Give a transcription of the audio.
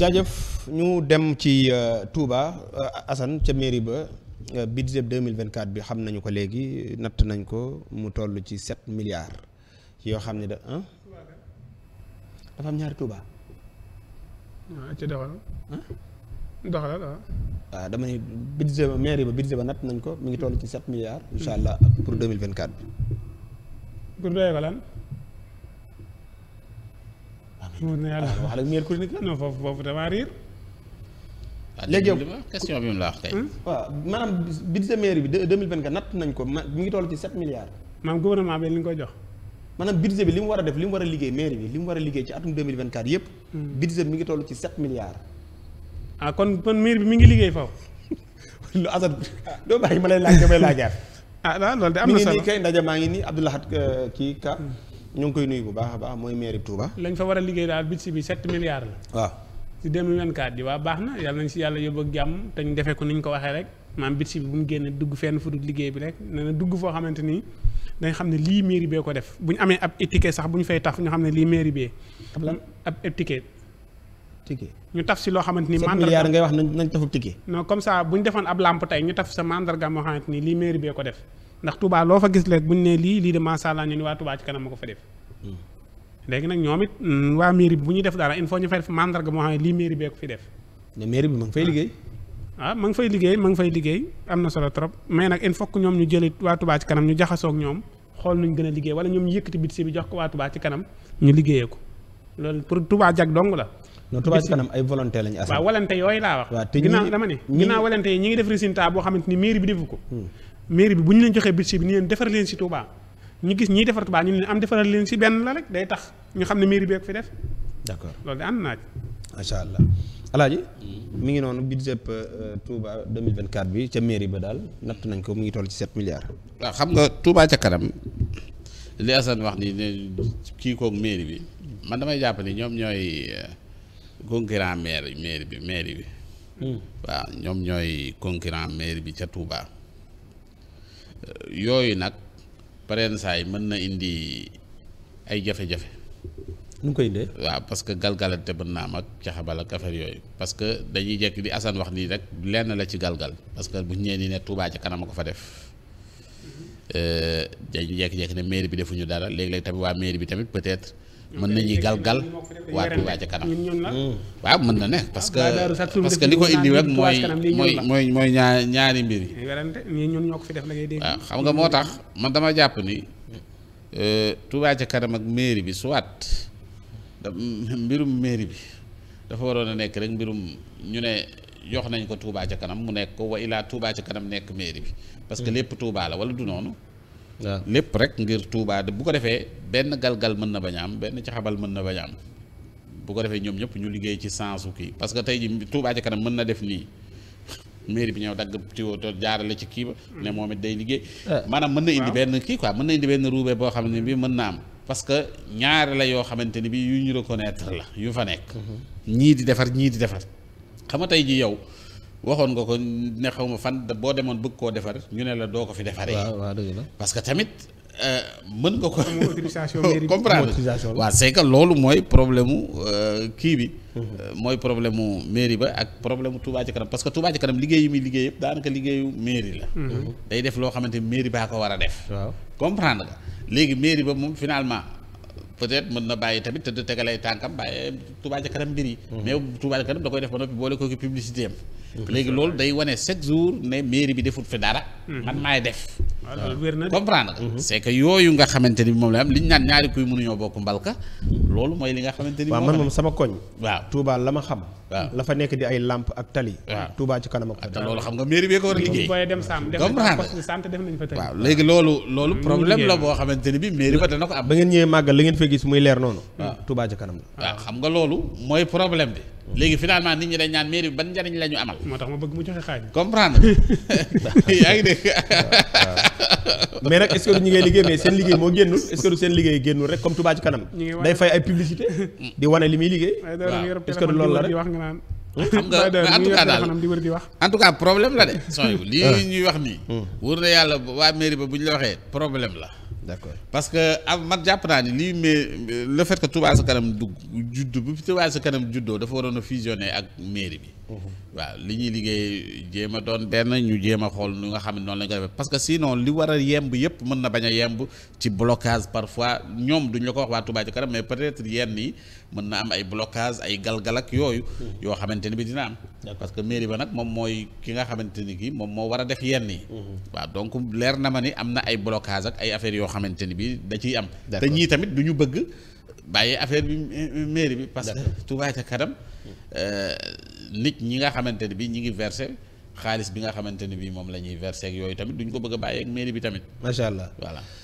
jaajëf ñu dem ci euh, Touba euh, Assane ca mairie ba euh, budget 2024 bi xam nañu ko léegi natt nañ ko mu toll ci 7 milliards yoo xam ni da ah am ñaari Touba. waaw ah, ci doxal. doxalal waaw. waaw ah, dama ni budget ba mairie ba ba natt nañ ko mu ngi toll ci 7 milliards. incha hmm. allah pour 2024 bi. pour doyee ko lan. wóor na yàlla wax ak meilleur chroniqueur non foofu damaa riir. léegi yow question bi mu la wax tey. Hmm? waaw maanaam budget mairie bi deux mille vingt quatre natt nañ ko mi ngi toll ci sept milliards. maanaam gouvernement bi li ñu koy jox. maanaam budget bi li mu war a def a liggéey mairie bi li mu war a liggéey ci atum deux mille vingt quatre yëpp. Hmm. bi mi ngi toll ci sept milliards. Ah, kon kon mairie bi mi ngi liggéey foofu. lu asat doo bàyyi ma lay laaj damay laajaat. ah ngi nii kay ndaje maa ngi nii Abdoulahat euh, kii ka hmm. ñoo ngi koy nuyu bu baax a baax mooy mairie Touba. lañ fa war a liggéey daal budget bi 7 milliards la. waaw ci 2024 bi waaw baax na yàlla nañ si yàlla yóbbu ak jàmm te ñu defee ko ni ñu ko waxee rek maanaam budget bi bu génne dugg fenn fu dul liggéey bi rek nee na dugg foo xamante ni dañ xam ne lii mairie bee ko def bu ñu amee ab étiquette sax bu ñu fay taf ñu xam ne lii mairie bee. ab étiquette. ticket ñu taf si loo xamante ni. mandarga milliards ngay wax nañ nañ tafub ticket. non comme ça bu ñu defoon ab lampe tey ñu taf sa mandarga moo xamante ni lii mairie bee ko def ndax tubaa loo fa gis léegi bu ñu nee lii lii de macha allah ñu ne waa Touba ci kanam ma ko fa def. Hmm. léegi nag ñoom it mm, waa mairie bi bu ñu def dara il faut ñu fay def mandarga bee ko fi def. bi ma ngi fay ah. liggéey. ah ma ngi fay liggéey ma ngi fay liggéey am na solo trop mais nag il faut que ñoom ñu jëli waa Touba ci kanam ñu jaxasoo ñoom xool nuñ gën a liggéey wala ñoom ñu yëkkati bitsi bi jox ko waa Touba ci kanam ñu liggéeyee ko loolu pour Touba jag dong la. non Touba ci kanam ay volonté lañu as. waaw volonté yooyu laa wax. waaw te ñii ginnaaw dama ngi def résultat boo xamante ni mairie bi defu ko. Hmm. mairie bi bu ñu leen joxee budget bi ni leen defar leen si Touba ñu gis ñiy defar Touba ñu leen am defaral leen si benn la rek day tax ñu xam ne mairie bee ko fi def. d'accord loolu de ànd naa ci. macha allah alaaji mi ngi noonu budget euh, Touba 2024 bi ca mairie ba daal natt nañ ko mu ngi toll ci 7 milliards. waaw xam nga Touba ca kanam li Assane wax ni ne kii koog mairie bi man damay jàpp ni ñoom ñooy euh, concurrent maire mairie bi mairie bi. Hmm. waaw ñoom ñooy concurrent maire bi ca Touba. yooyu nag pareen saay mën na indi ay jafe-jafe. nu koy indee. waaw parce que galgalante mën naa am ak caxabal ak affaire yooyu parce que dañuy jekk di Assane wax nii rek lenn la ci galgal parce que bu ñeen nee nii ne Touba ca kanam a ko fa def mm-hmm. euh, dañuy jekk-jekk ne mairie bi defuñu dara léegi-léeg tamit waa mairie bi tamit peut-être. mën nañuy gal-gal waa Touba ca kanam waaw mën na ne parce que parce que li ko indi rek mooy mooy mooy mooy ñaar ñaari mbir yi waaw xam nga moo tax man dama jàpp ni euh, Touba ca kanam ak mairie bi soit mbirum mairie bi dafa waroon a nekk rek mbirum ñu ne jox nañ ko tuubaa ca kanam mu nekk ko wa ilaa Touba ca kanam nekk mairie bi parce que hmm. lépp Touba la wala du noonu lépp rek ngir Touba bu ko defee benn galgal mën na bañ am benn caxabal mën na bañ am bu ko defee ñoom ñëpp ñu liggéey ci sensu kii parce que tey ji Touba ci kanam mën na def nii mairie bi ñëw dagg tiwo to jaarale ci kii ba ne moom it day liggéey ah. maanaam mën na indi benn kii quoi mën na indi benn ruube boo xam ne bi mën na am parce que ñaari la yoo xamante ni bi yu ñu reconnaître la yu fa nekk mm-hmm. ñii di defar ñii di defar xam nga tey ji yow waxoon nga ko ne xaw ma fan boo demoon bëgg koo defar ñu ne la doo ko fi defaree. waaw waaw dëgg la parce que tamit euh, mën nga ko. autorisation comprendre waaw c'est que loolu mooy problème mu euh, kii bi. Mhm. Euh, mooy problème mu mairie ba ak problème mu Touba ci kanam parce que Touba ci kanam liggéey yi muy liggéey yëpp daanaka liggéeyu mairie la. Mhm. day def loo xamante ni mairie baa ko war a def. waaw comprendre léegi mairie ba moom finalement. peut-être mën na bàyyi tamit tëdd tegalay tànkam bàyyi Touba ca kanam mbir yi. mais Touba ca kanam da koy def ba noppi boole ko ki publicité léegi loolu day wane chaque jour ne mairie bi defut fi dara. man maay def. Ah, comprendre nga. c'est que yooyu nga xamante ni moom la am li ñu naan ñaari kuy mënuñoo bokk mbalka loolu mooy li nga xamante ni. waaw moom sama koñ. waaw Touba la ma xam. la fa nekk di ay lamp ak tali Touba ci kanam ak loolu xam nga mairie bi ko war a liggéey waaw léegi loolu loolu problème la boo xamante ni bi mairie ba dana ko am ba ngeen ñëwee màggal la ngeen fay gis muy leer noonu Touba ci kanam waaw xam nga loolu mooy problème bi léegi finalement nit ñi dañ ñaan mairie bi ban njariñ la ñu amal moo tax ma bëgg mu joxe xaaj comprendre yaa ngi dégg mais nag est du ñu ngay liggéey mais seen liggéey moo génnul est-ce que du seen liggéey génnul rek comme Touba ci kanam day fay ay publicité di wane li muy liggéey est-ce que du loolu la rek xam nga en tout cas problème la de ah. sony lii ah. ñuy wax nii hmm. wóor na yàlla waa mairie ba bu ñu la waxee problème la d'accord parce que am man jàpp naa ni lii mais le fait que Touba ca kanam dugg judd bu Touba sa kanam juddoo dafa waroon a fusionner ak mairie bi waaw li ñuy liggéey jéem a doon benn ñu jéem a xool nu nga xam ne noonu la ñu ko parce que sinon li war a yemb yëpp mën na bañ a yemb ci blocage parfois ñoom duñ la ko wax waa Touba ci mais peut-être yenn yi mën na am ay blocage ay galgal yooyu. yoo xamante ni bi dina am. parce que mairie ba nag moom mooy ki nga xamante ni kii moom moo war a def yenn yi. Mhm. waaw donc leer na ma ni am na ay blocage ak ay affaires yoo xamante ni bi da am. te ñii tamit du ñu bëgg bàyyi affaire bi mairie bi. parce que Touba ca mhm. euh, nit ñi nga xamante ne bi ñi ngi versé xaalis bi nga xamante ne bi moom la ñuy versé ak yooyu tamit duñ ko bëgg a bàyyi ak mairie bi tamit macha allah voilà